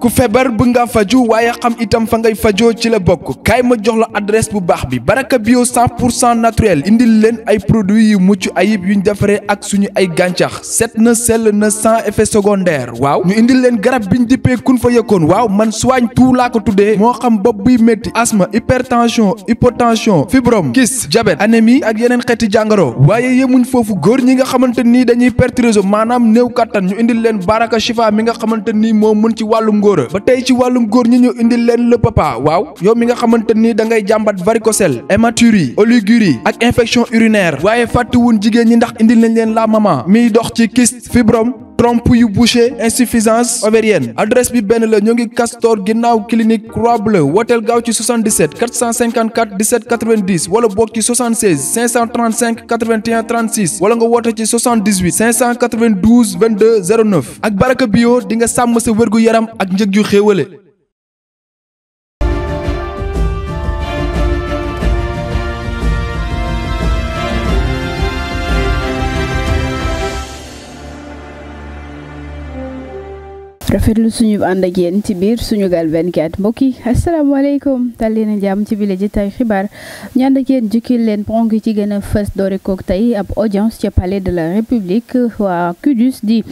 ku feebar bu nga faju waaye xam itam fa ngay fajoo ci la bokk kaay ma jox la adresse bu baax bi baraka bio 100 pour cent naturel indil leen ay produits yu mucc ayib yuñ defaree ak suñu ay gàncax set na sell na sans effet secondaire waaw ñu indil leen garab biñ dippee kun fa yëkkoon waaw man soigne tout laa ko tuddee moo xam bopp buy métti asthme hypertension hypotension fibrome kis diabète anémie ak yeneen xeeti jàngoro waaye yemuñ foofu góor ñi nga xamante nii dañuy perte réseau maanaam néew kattan ñu indil leen baraka chifa mi nga xamante nii moo mën ci wàllu ngóor góor ba tey ci wàllum góor ñi ñu indil leen le papa waaw yow mi nga xamante ni da ngay jàmbat varicocèle hématurie oligurie ak infection urinaire waaye fàttewun jigéen ñi ndax indil nañ leen la mama miy dox ci kyste fibrome trompe yu bouché insuffisance ovarienne adresse bi benn la ñoo ngi Castor ginnaaw clinique Croix Bleue wooteel gaaw ci 77 454 17 90 wala boog ci 76 535 81 36 wala nga woote ci 78 592 22 09 ak baraka bio di nga sàmm sa wérgu yaram ak njëg yu xéewale rafetlu suñu ànd ak ci biir Sunugal 24 mbokk yi asalaamaaleykum dal leen a jàmm ci bile jitaay xibaar ñu ànd ak yéen jukkil leen ponk ci gën a fës doore kook tey ab audience ca palais de la république waa CUDIS di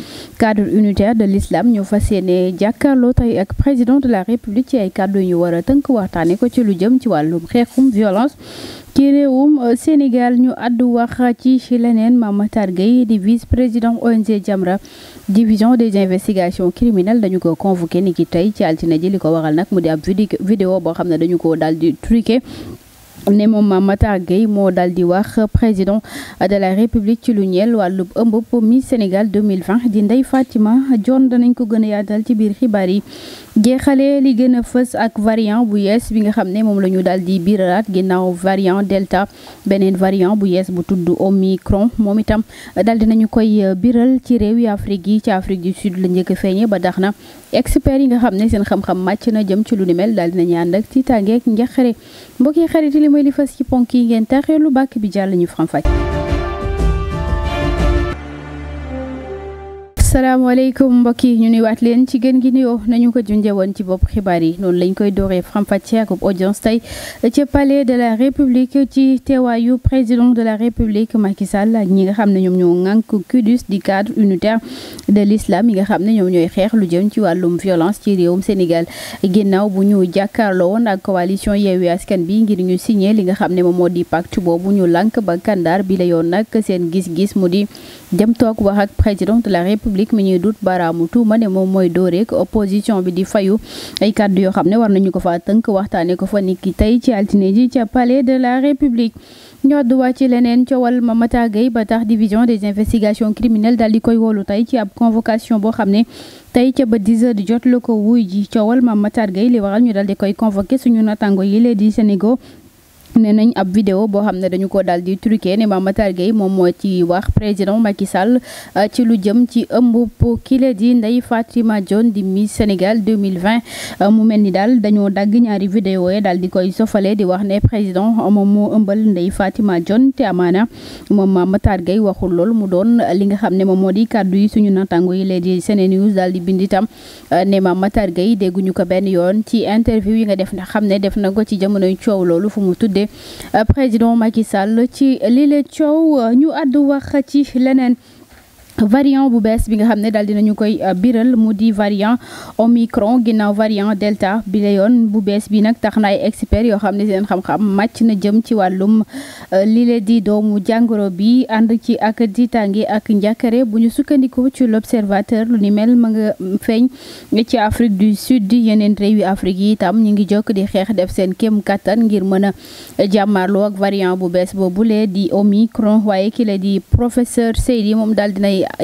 cadre unitaire de l'islam ñoo fas yéene jàkkaarloo tey ak président de la république ci ay kàddu ñu war a tënk waxtaane ko ci lu jëm ci wàllum xeexum violence ci réewum euh, Sénégal ñu àddu wax ci leneen ma Matar Gueye di vice président ONG Jamra division des investigations criminelles dañu ko convoqué ni ki tey ci altine ji li ko waral nag mu di ab vidéo boo xam ne dañu ko daal di truqué ne moom Matar Gueye moo daal di wax président de la république ci lu ñeel wàllub ëmbëb mi Sénégal 2020 di Ndeye Fatima John danañ ko gën a yaatal ci biir xibaar yi jeexale li gën a fës ak variant bu yees bi nga xam ne moom lañu ñu daal di biiralaat ginnaaw variant delta beneen variant bu yees bu tudd omicron moom itam daal dinañu koy biral ci réew yi Afrique yi ci Afrique du Sud la njëkk feeñee ba dax na experts yi nga xam ne seen xam-xam màcc na jëm ci lu ni daal dinañu ànd ak mooy li fas ponk yi ngeen taxeelu bàkk bi jàll ñu faram fàcc asalaamaaleykum mbokk yi ñu waat leen ci gën gi nuyoo nañu ko junjee woon ci bopp xibaar yi noonu lañ koy dooree faram-fàccee ak audience tey ci palais de la république ci teewaayu président de la république Macky ak ñi nga xam ne ñoom ñoo ŋànk CUDIS di cadre unitaire de l'islam yi nga xam ne ñoom ñooy xeex lu jëm ci wàllum violence ci réewum Sénégal ginnaaw bu ñu jàkkaarloo woon ak coalition Yewwi Askan bi ngir ñu signé li nga xam ne moom moo di pacte boobu ñu lànk ba kandaar bi la yoon nag seen gis-gis mu di jëm toog wax ak président de la république mi ñuy dut baaraamu tuuma ne moom mooy dooreek opposition bi di fayu ay kàddu yoo xam ne war nañu ko fa tënk waxtaanee ko fa niki tey ci altine ji ca palais de la république ñoo du ci leneen coowal Mamata Gueye ba tax division des investigations criminelles daal di koy woolu tey ci ab convocation boo xam ne tey ca ba 10 heures di jot la ko wuy ji coowal Mamata Gueye li waral ñu daal di koy convoqué suñu natango yi lee di Sénégal ne nañ ab vidéo boo xam ne dañu ko daal di truqué ne Mame Matar Gueye moom moo ci wax président Macky Sall euh, ci lu jëm ci ëmb pour kile di Ndeye Fatima Dione di Miss Sénégal 2020 euh, mu mel ni daal dañoo dagg ñaari vidéo yi daal di koy sofale di wax ne président moom moo ëmbal Ndeye Fatima Dione te amaana moom Mame Matar Gueye waxul loolu mu doon li nga xam ne moom moo di kaddu yi suñu natango yi léegi Senenews daal di bind itam euh, ne Mame Matar Gueye dégguñu ko benn yoon ci interview yi nga def ne def na ko ci jamonoy Euh, président Macky ci lile coow euh, ñu àddu wax ci leneen variant bu bees bi nga xam ne daal dinañu koy euh, biral mu di variant omicron ginnaaw variant delta bi la yoon bu bees bi nag tax na ay expert yoo xam ne seen xam-xam màcc na jëm ci wàllum euh, lile di doomu jàngoro bi ànd ci ak diitange ak njàkkare bu ñu sukkandiku ci l'observateur lu ni mel ma nga feeñ ci Afrique du Sud yeneen réew yi Afrique yi itam ñu ngi jokk di xeex def seen kéem kattan ngir mën a jàmmarloo ak variant bu bees boobu lee di omicron waaye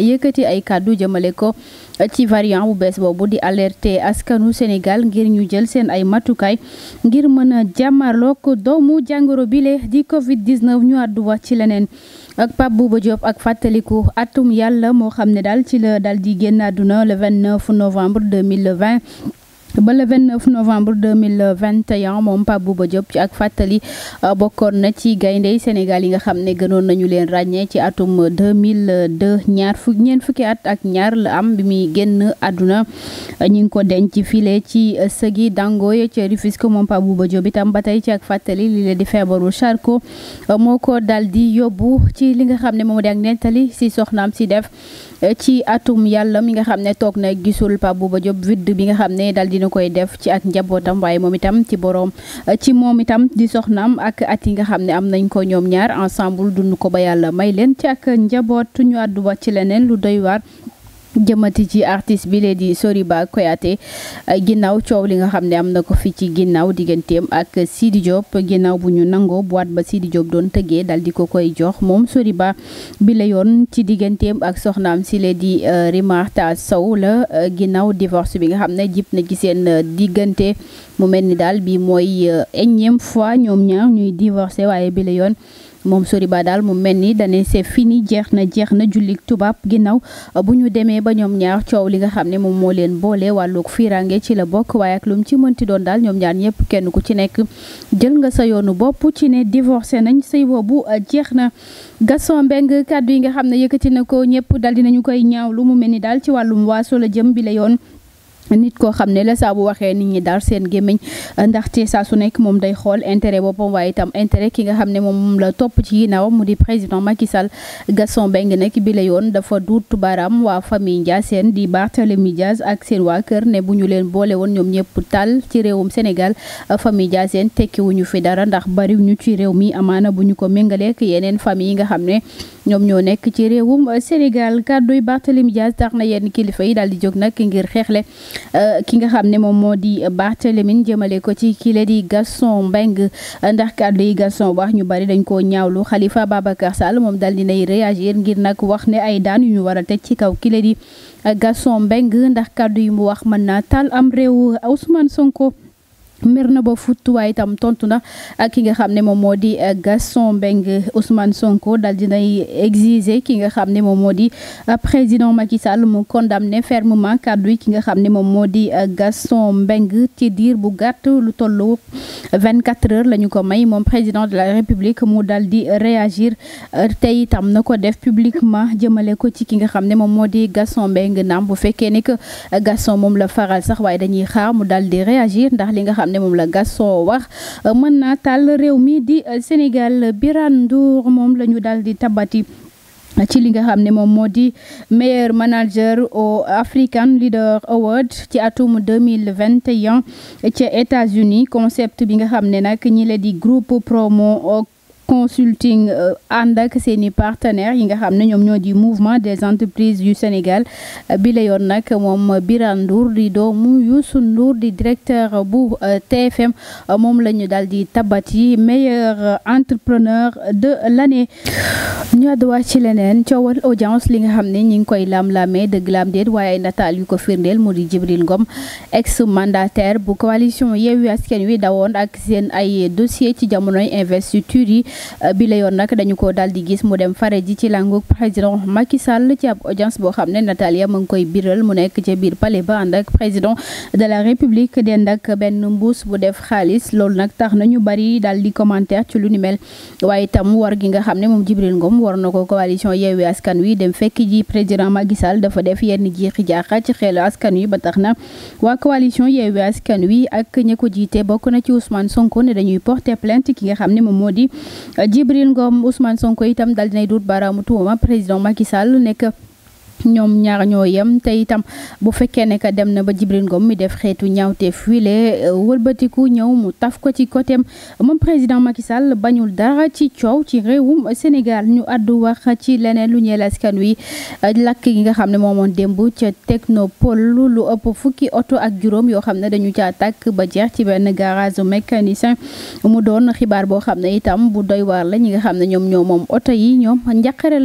yëkkati ay kàddu jëmale ko ci variant bu bees boobu di alerté askanu Sénégal ngir ñu jël seen ay matukaay ngir mën a jàmmarloog doomu jàngoro bile di Covid 19 ñu àddu wax ci leneen. ak Pape Bouba Diop ak fàttaliku attum yàlla moo xam ne daal ci la daal di génn àdduna le 29 novembre 2020. ba le 29 novembre 2021 moom Pape Bouba Diop ci ak fàttali euh, bokkoon na ci gaynde gayndey Sénégal yi nga xam ne gënoon nañu leen ràññee ci atum 2002 ñaar fu ñeen fukki at ak ñaar la am bi muy génn àdduna ñu ngi ko denc file ci sëgi Dangoye ci Rufisque moom Pape Bouba Diop itam ba tey ci ak fàttali li leen di feebaru Charcot euh, moo ko dal di yóbbu ci li nga xam ne moom de ak nettali si soxnaam si def ci atum yàlla mi nga xam ne toog na gisul Pape Bouba Diop vidd bi nga xam ne daal dina koy def ci ak njabootam waaye moom itam ci boroom ci moom itam di soxnaam ak at yi nga xam ne am nañ ko ñoom ñaar ensemble dund ko ba yàlla may leen ci ak njaboot ñu àddu wax ci leneen lu doy waar jëmmati ci artiste bi lee di Soriba Koyate ginnaaw coow li nga xam ne am na ko fi ci ginnaaw digganteem ak Sidi Diop ginnaaw bu ñu nangoo boîte ba Sidi Diop doon tëggee dal di ko koy jox moom Soriba bi la yoon ci digganteem ak soxnaam si di euh, Rimarta Sow la euh, ginnaaw divorce bi nga xam ne jip na ci seen euh, diggante mu mel ni daal bii mooy énième fois ñoom ñaar ñuy divorcé waaye bi la yoon moom sori baa daal mu mel ni dane c'est fini jeex na jeex na julli tubaab ginnaaw bu ñu demee ba ñoom ñaar coow li nga xam ne moom moo leen boole wàllug fiiraange ci la bokk waaye ak lu mu ci mënti doon daal ñoom ñaar ñëpp kenn ku ci nekk jël nga sa yoonu bopp ci ne divorcé nañ sëy boobu euh, jeex na Gaston Mbengue kàddu yi nga xam ne yëkkati na ko ñëpp dal dinañu koy ñaaw lu mu mel ni daal ci wàllum waaso la jëm bi la yoon nit koo xam ne la saa bu waxee nit ñi daal seen gémmiñ ndaxte saa su nekk moom day xool intérêt boppam waaye itam intérêt ki nga xam ne moom la topp ci ginnaaw mu di président Macky Sall Gaston Mbengue nag bi la yoon dafa duut baaraam waa famille Ndiassène di Barthélémy Dias ak seen waa kër ne bu ñu leen boole woon ñoom ñëpp taal ci réewum Sénégal famille Ndiassène tekkiwuñu fi dara ndax bariwuñu ci réew mi amaana bu ñu ko méngaleek yeneen famille yi nga xam ne ñoom ñoo nekk ci réewum Sénégal kàdduy Barthélemy Dias tax na yenn kilifa yi daal di jóg nag ngir xeexle euh, ki nga xam ne moom moo di Barthélemy jëmale ko ci kile di Gaston Mbengue ndax kàddu yi wax ñu bari dañ koo ñaawlu xalifa Babacar Sall moom daal dinay réagir ngir nag wax ne ay daan yu ñu war a teg ci kaw kile di euh, Gaston Mbengue ndax kàddu yi mu wax mën naa taal am réew Ousmane Sonko mer na ba futt itam tontu na ak ki nga xam ne moom moo di mbeng eh, Mbengue Ousmane Sonko daal dinay exiger ki nga xam ne moom moo di eh, président Macky Sall mu condamné fermement kàddu yi ki nga xam ne moom moo di eh, Gaston Mbengue ci diir bu gàtt lu tollu 24 heures la ñu ko may moom président de la République mu daal di réagir tey itam na ko def publiquement jëmale ko ci ki nga xam ne moom moo di Gaston Mbengue naam bu fekkee ne que Gaston moom la faral sax waaye dañuy xaar mu daal di réagir ndax li nga xam ne moom la Gaston wax mën na taal réew mi di Sénégal Birane Ndour moom lañu ñu daal di tabati ci li nga xam ne moom moo di meilleur manager au African Leader Award ci atum 2021 ca États-Unis concept bi nga xam ne nag ñi la di groupe promo consulting euh, ànd ak seen i partenaires yi nga xam ne ñoom ñoo di mouvement des entreprises yu Sénégal euh, bi yoon nag moom Birane Ndour di doomu Youssou Ndour di directeur bu euh, TFM moom la ñu daal di tabat yi meilleur entrepreneur de lane ñu àdduwaat ci leneen coowal audience li nga xam ne ñi ngi koy lam-lamee dëgg laam waaye ay nataal yu ko firndeel mu di Jibril Ngom ex mandataire bu coalition Yewwi Askan Wi dawoon ak seen ay dossier ci jamonoy investiture yi Euh, bi la yoon nag dañu ko daal gis mu dem fare ji ci làngu président Macky ci ab audience boo xam ne Natalia mu ngi koy biral mu nekk ca biir palais ba ànd président de la république dend ak benn mbuus bu def xaalis loolu nag tax nañu bari daal commentaire ci lu ni mel waaye itam war gi nga xam ne moom Jibril Ngom war na ko coalition Yewwi Askan Wi dem fekk ji président Macky Sall dafa def yenn jiixi jaaxa ci xel askan wi ba tax na waa coalition Yewwi Askan Wi ak Djibril Ngom Ousmane Sonko itam dal dinay bara baaraamu tuuma président Macky Sall nekk ñoom ñaar ñoo yem te itam bu fekkee ne que dem na ba Djibril Ngom mi def xeetu ñaawteef wile euh, wëlbatiku ñëw mu taf ko ci côté moom président Macky Sall bañul dara ci coow ci réewum Sénégal ñu àddu wax ci leneen lu ñeel askan wi euh, lakk gi nga xam ne moomoon démb ca technopole lu ëpp fukki oto ak juróom yoo xam ne dañu ca tàkk ba jeex ci benn garage mécanicien mu doon xibaar boo xam ne itam bu doy waar la ñi nga xam ne ñoom ñoo moom yi ñoom njaqare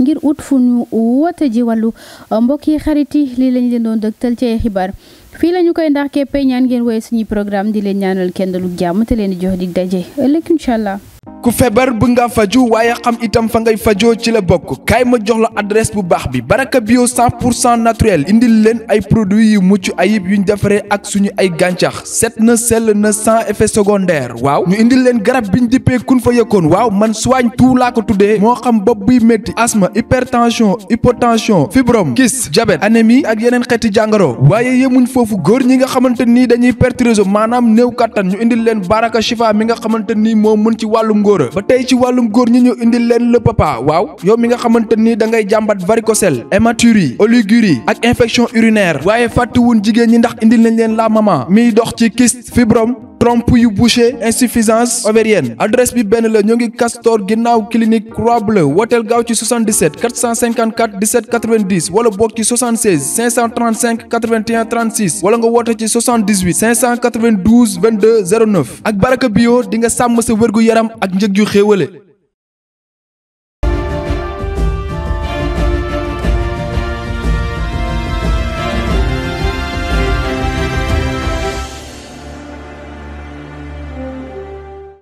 ngir ut fu ñu woote ji wàllu uh, mbokk yi xarit yi lii lañ leen doon dëgtal ci ay xibaar fii la ñu koy ndax keppe ñaan ngeen woye suñuy programme di leen ñaanal kenn lu jàmm te leen di jox di daje ëllëg incha allah. ku feebar bu nga faju waaye xam itam fa ngay fajoo ci la bokk kaay ma jox la adresse bu baax bi baraka bio 100 pour cent naturel indil leen ay produits yu mucc ayib yuñ defaree ak suñu ay gàncax set na sell na sans effet secondaire waaw ñu indil leen garab bi biñ dippee kun fa yëkkoon waaw man soigne tout laa ko tuddee moo xam bopp buy métti asthme hypertension hypotension fibrome kis diabète anémie ak yeneen xeeti jàngoro waaye yemuñ foofu góor ñi nga xamante nii dañuy perte réseau maanaam néew kattan ñu indil leen baraka chifa mi nga xamante nii moo mën ci wàllu ngóor góor ba tey ci wàllum góor ñi ñu indil leen le papa waaw yow mi nga xamante ni da ngay jàmbat varicocèle hématurie oligurie ak infection urinaire waaye fàttewun jigéen ñi ndax indil nañ leen la maman miy dox ci kyste fibrome trompe yu bouché insuffisance ovarienne adresse bi benn la ñoo ngi Castor ginnaaw clinique Croix Bleue wooteel gaaw ci 77 454 17 90 wala boog ci 76 535 81 36 wala nga woote ci 78 592 22 09 ak baraka bio di nga sàmm sa wérgu yaram ak njëg yu xéewale